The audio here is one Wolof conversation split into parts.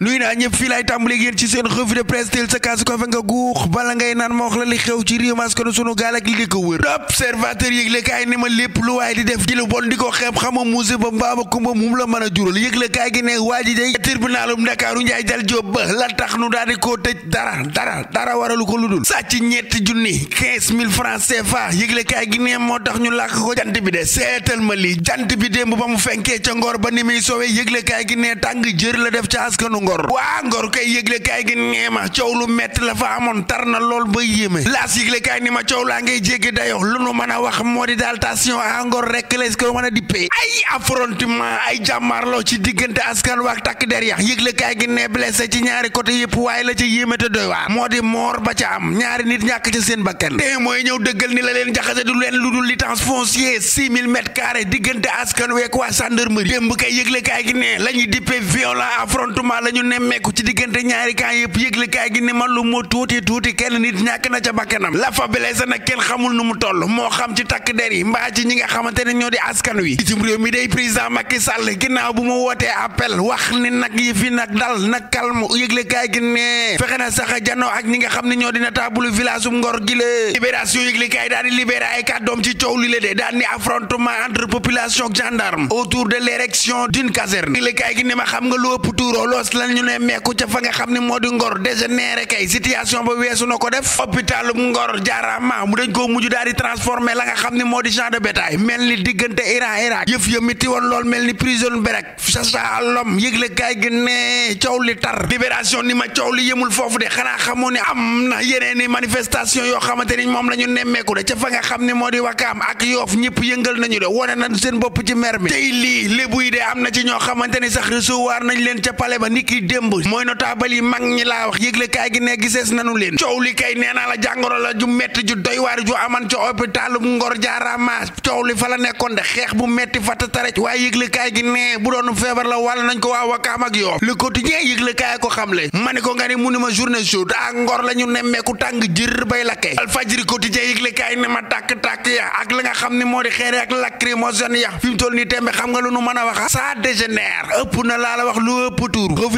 nuy naa ñëpp fii laay tàmbali yéen ci seen revue de presse teel sa kaasu ko nga guux bala ngay naan ma wax la li xew ci réew mi askanu sunu gaal ak li di ko wër observateur yëglekaay ni ma lépp lu waaye di def ji lu bon di ko xeeb xama musé ba mbaama kumba mum la mën a jural yëglekaay gi ne waa ji day tribunalum Ndakaaru Njaay Jal Joob ba la tax nu daal di koo tëj dara dara dara waralu ko lu dul sàcc ñetti junni quinze mille francs CFA yëglekaay gi ne moo tax ñu làkk ko jant bi de seetal ma lii jant bi démb ba mu fenkee ca ngoor ba ni muy sowe yëglekaay gi ne tàng jër la def ca askanu ngor waa ngor kay yëgle kaay gi nee ma coow lu metti la fa amoon tar na lool ba yéeme laas yëgle kaay ni ma coow laa ngay jéggi dayo lu nu a wax moo di daal tension a ngor rek les ko mën a dippee ay affrontement ay jàmmaarloo ci diggante askan waak takk der ya yëgle kaay gi ne blessé ci ñaari côté yëpp waaye la ca yéeme te doy waa moo di moor ba ca am ñaari nit ñàkk ca seen bakkan te mooy ñëw dëggal ni la leen jaxase du leen lu dul licence foncière six mille mètres carrés diggante la ñuy ñu nemmeeku ci diggante ñaari kaa yëpp yëgle kaay gi ne ma lu mu tuuti tuuti kenn nit ñàkk na ca bakkanam la fa nag kenn xamul nu mu toll moo xam ci takk der yi mbaa ci ñi nga xamante ne ñoo di askan wi itam réew mi day président Macky Sall ginnaaw bu mu wootee appel wax ni nag yi fi nag dal nag calme yëgle kaay gi ne fexe na sax janoo ak ñi nga xam ne ñoo dina notable village um Ngor gi la libération yëgle kaay daal di libéré ay kàddoom ci coow li la de daal ni affrontement entre population xelal ne meeku ca nga xam ne moo di ngor dégénéré kay situation ba weesu na ko def hôpitalum ngor jaaraama mu dañ koo mujj daal di la nga xam ne moo di champ de berek chasse li ni ma coow li yëmul foofu de xanaa xamoo ne am na yeneen i manifestation yoo xamante ni moom la ñu nemmeeku de ca fa nga xam ne moo di wakaam ak yoof ñëpp yëngal nañu de wane na seen bopp ci mer mi tey lii lébu yi de am na ci ñoo xamante ni sax recevoir nañ leen ca ba niki ki démb mooy notaabal yi mag laa wax yëglekaay gi ne gisees nanu leen coow li kay nee la jàngoro la ju metti ju doy waar ju aman ca hôpitalu Ngor jaarama coow li fa la nekkoon de xeex bu metti fata taraj waaye yëglekaay gi nee bu doon feebar la wàll nañ ko waa ak yoo le quotidien yëglekaay ko xamle ma ne ko nga ni mu ni journée chaude a Ngor la ñu nemmeeku tàng jër bay lakke alfajiri quotidien yëglekaay ne ma tàkk-tàkk ya ak la nga xam ne moo di xeere ak lacrymogène ya fi mu toll nii tembe xam nga lu nu mën a waxa ça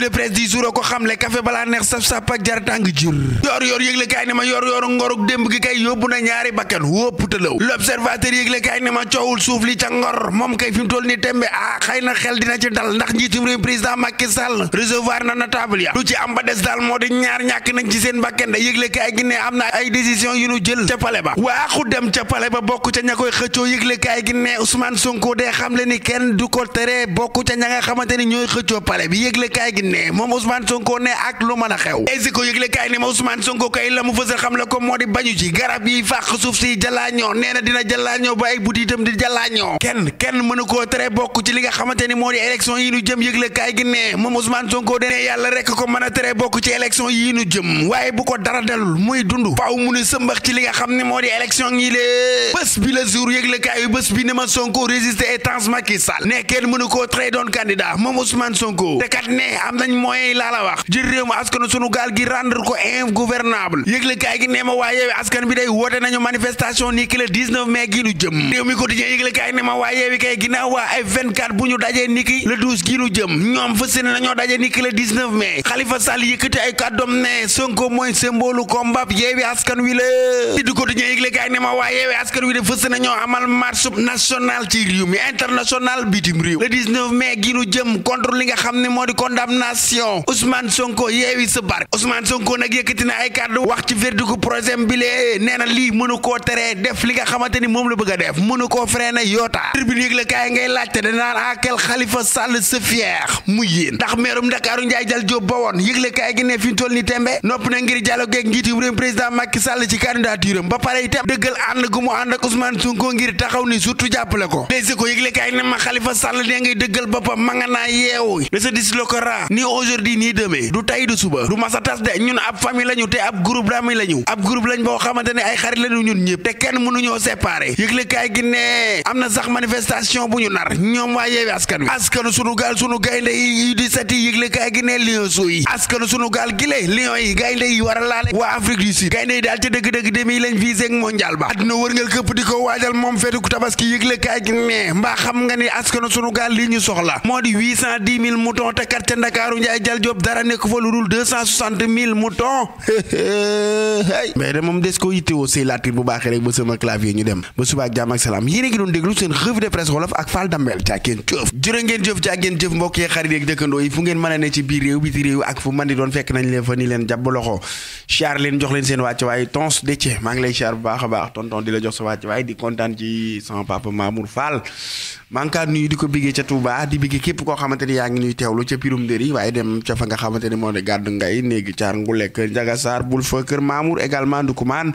de presse di jour ko xamle café balaa neex saf sap ak jar tàng jur yor yor yëgle kaay ne ma yor yoru ngoruk démb gi kay yóbbu na ñaari bakkan wópp tëlaw l'observateur yëgle kaay ne ma coowul suuf li ca ngor moom kay fi mu ni tembe ah xëy na xel dina ci dal ndax njiitum réew président Macky Sall recevoir na notable ya lu ci am ba des daal moo di ñaar ñàkk nañ ci seen bakkan da yëgle kaay gi ne am na ay décision yu nu jël ca pale ba waaxu dem ca pale ba bokk ca ña koy xëccoo yëgle kaay gi ne Ousmane Sonko dee xam le ni kenn du ko tere bokk ca ña nga xamante ni ñooy xëccoo pale bi yëgle kaay ne moom Ousmane Sonko ne ak lu a ma la mu fësal xam ko moo di ba ay buti itam di jalaañoo kenn kenn mënu koo tere ni moo di élection yi nu jëm yëgle kaay gi ne moom Ousmane Sonko dene yàlla rek a tere bokk ci élection yi nu mu ni sëmbax li nga xam ne moo di élection yi lée bés bi la jour yëgle bi ne ma Sonko résister et trans Macky Sall ne kenn mënu koo tere doon candidat moom Ousmane Sonko te ne am na nañ moyens a laa la wax jël réew ma askanu sunu gi rendre ko ingouvernable yëgle kaay gi nee waa yeewi askan bi day woote nañu manifestation nii ki le 19 nu jëm ñoom fas yéene nañoo dajee ni ki le 19 mai ay kàddoom ne Sonko mooy symbole combat yeewi askan wi la di quotidien yëgle kaay nee waa yeewi askan wi de fas ñoo amal marche nationale ci réew mi bitim réew le 19 mai nu jëm contre nga xam ne moo di condamnation libération Ousmane Sonko yeewi sa bark Ousmane Sonko nag yëkkati na ay kàddu wax ci verdigu projet bi lee nee na lii mënu koo teree def li nga xamante ni moom la bëgg a def mënu koo freiné yoota tribune yëg la kaay ngay laajte danaan àkel ah Khalifa Sall se fier mu yéen ndax meerum Ndakaaru Njaay Jal Jóob ba woon yëg la kaay gi ne fi ñu toll ni tembe nopp na ngir dialogue ak njiitu réew président Macky Sall ci candidature am ba pare itam dëggal ànd gu mu ànd ak Ousmane Sonko ngir taxaw ni surtout jàppale ko les ko yëg la kaay ne ma Khalifa Sall ne ngay dëggal boppam ma nga naa yeewu ni aujourd'hui nii demee du tey du suba du masa tas de ñun ab famille lañu te ab groupe dami lañu ab groupe lañ boo xamante ne ay xarit lañu ñun ñëpp te kenn mënuñoo séparer yëgle kaay gi am na sax manifestation bu ñu nar ñoom waa yeewi askan askanu sunu gaal sunu gaal gi le yi gaynde yi war a laale waa Afrique du Sud gaynde yi daal ca dëgg-dëgg demi lañ visé mondial ba àdduna wërngal këpp di ko waajal moom feetu tabaski yëgle kaay gi li ñu Daaru Njaay Jal Joob dara nekk fa lu dul deux cent soixante mille moutons mais de moom des koo yittewoo sëy laatir bu baaxee rek ba sama clavier ñu dem ba suba ak jàmm ak salaam yéen a ngi doon déglu seen revue de presse wolof ak Fall Dambel jàggeen jëf jërë ngeen jëf jàggeen jëf mbokk xarit yeeg dëkkandoo yi fu ngeen mën a ne ci biir réew biti réew ak fu man di doon fekk nañ leen fa ni leen jàbb loxo siyaar leen jox leen seen wàcc waaye tons dëcce maa a maa ngi kaa nuyu di ko biggee ca Touba di biggee képp koo xamante ni yaa ngi nuy teewlu ca pirum ndëri waaye dem ca nga xamante ni moo ne gàddu ngay néegi caar ngu lekk Njaga Saar bul fa kër Mamour également Ndoukoumane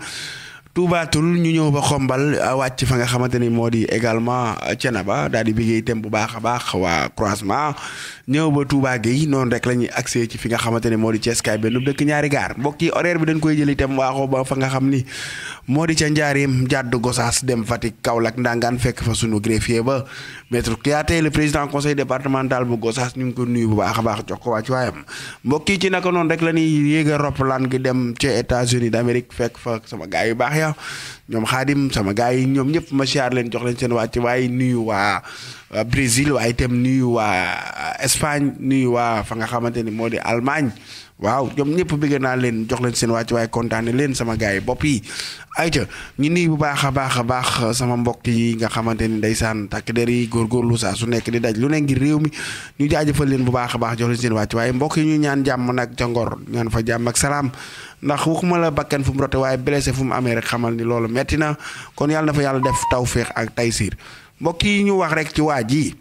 tuubaatul ñu ñëw ba xombal euh, wàcc fa nga xamante ni moo di également euh, Thiénaba daal di liggéey tem bu baax a baax waa croisement ñëw ba Touba Gueye noonu rek la ñuy accès ci fi nga xamante ni moo di Ceeskaay benn dëkk ñaari gaar mbokk yi horaire bi dañ koy jëli tem waaxoo ba fa nga xam ni moo di ca Njaareem jàdd Gosaas dem Fatick Kaolack Ndangaan fekk fa sunu greffier ba maître Kouyaté le président conseil départemental bu Gosaas ñu ngi ko nuyu bu baax a baax ko waa ci waayam mbokk yi ci naka noonu rek la ñuy yéega roppalaan gi dem ca états fekk fa sama gaay yu baax a ñoom xaadim sama yi ñoom ñëpp ma siyaar leen jox leen seen wàcc waaye nuyu waa Brésil waaye itam nuyu waa Espagne nuyu waa fa nga xamante ni moo di Allemagne waaw ñoom ñëpp bëgg naa leen jox leen seen wàcc waaye kontaane leen sama gars yi bopp yi ayca ñu nii bu baax a baax a baax sama mbokk yi nga xamante ni ndeysaan takk der yi góor góor lu saa su nekk di daj lu ne ngir réew mi ñu jaajëfal leen bu baax a baax jox leen seen wàcc waaye mbokk yi ñu ñaan jàmm nag ca ngor ñaan fa jàmm ak salaam ndax waxuma la bakkan fu mu rote waaye blessé fu mu amee rek xamal ni loolu metti na kon yàlla na fa yàlla def tawféex ak taysiir mbokk yi ñu wax rekk ci waa ji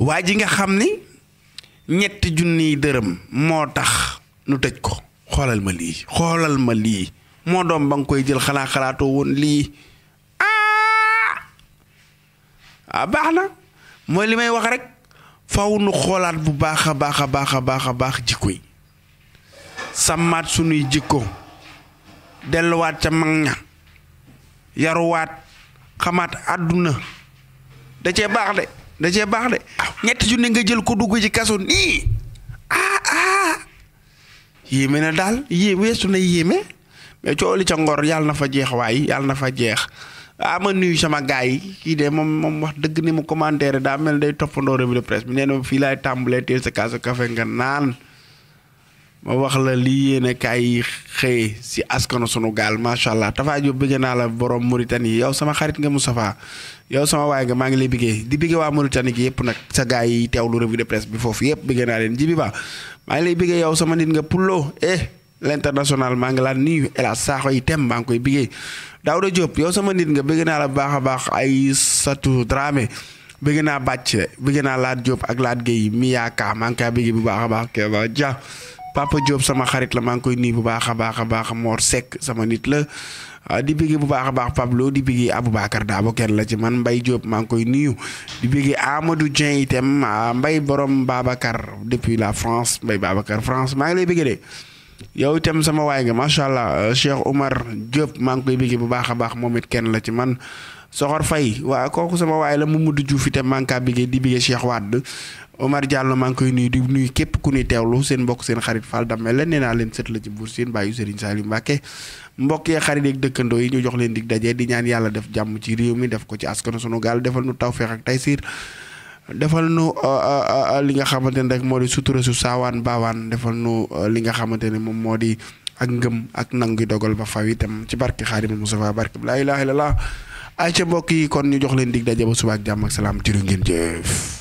waa ji nga xam ni ñetti junniy dërëm moo tax nu tëj ko xoolal ma lii xoolal ma lii moo doom ba nga koy jël xalaat xalaatoo woon lii ah! ah baax na mooy li may wax rek faw nu xoolaat bu baax a baax a baax a baax a baax jikko yi sàmmaat sunuy jikko delluwaat ca mag ña yaruwaat xamaat àdduna da cee baax de da cee baax de ñetti junne nga jël ko dugg ci kaso nii ah ah yéeme na daal yéeme na yéeme mais coow li ca ngor yàlla na fa jeex waaye yàlla na fa jeex ah ma nuyu sama gars yi kii de moom moom wax dëgg ni mu commentaire daa mel day toppandoo revue de presse bi nee na fii laay tàmbalee teel sa kaasu café nga naan. ma wax la lii yéene kaay xëye si askanu sunu gaal macha allah Tafa Diop bëgg naa la borom Mauritanie yow sama xarit nga Moustapha yow sama waay nga maa ngi lay bëggee di bëggee waa Mauritanie gi yëpp nag sa gars yi teewlu revue de presse bi foofu yëpp bëgg naa leen jibi ba maa ngi lay bëggee yow sama nit nga Pullo eh l'international maa ngi laa nuyu El yi tem maa ngi koy bëggee Daouda Diop yow sama nit nga bëgg naa la bu baax a baax ay satu Dramé. bëgg naa bàcc bëgg naa laat Diop ak laat Guèye mi yaakaar maa ngi bu baax a baax Keba Dia Papa Diop sama xarit la maa ngi koy nuyu bu baax a baax a baax Mor Seck sama nit la ah, di bëggee bu baax a baax Pablo di bëggee Aboubacar Daabo ken la ci man mbay Diop maa ngi koy nuyu di bëggee Amadou Dieng itam ah, Mbaye borom Babacar depuis la France Mbaye Babacar France maa ngi lay bëggee de yow itam sama waay nga macha allah Cheikh Omar Diop maa ngi koy bëggee bu baax a baax moom it kenn la ci man. Soxor fay waa kooku sama waay la Mamadou Diouf itam maa ngi kaa di bigee Cheikh Wade Omar Diallo maa ngi koy nuyu di nuyu képp ku ñuy teewlu seen mbokk seen xarit Fall Damel la nee naa leen sët la ci buur seen bàyyi Serigne Saliou Mbacké mbokk yee xarit yeeg dëkkandoo yi ñu jox leen dig daje di ñaan yàlla def jàmm ci réew mi def ko ci askanu sunu gaal defal nu tawfeex ak taysiir defal nu uh, uh, uh, li nga xamante ne rek moo di sutura su saawaan baawaan defal nu li nga xamante ne moom moo di ak ngëm ak nangu dogal ba faw itam ci barke Xaadimu Mustafaa barke ay ca mbokk yi kon ñu jox leen dig daje ba suba ak jàmm ak salaam jërë ngeen jëf.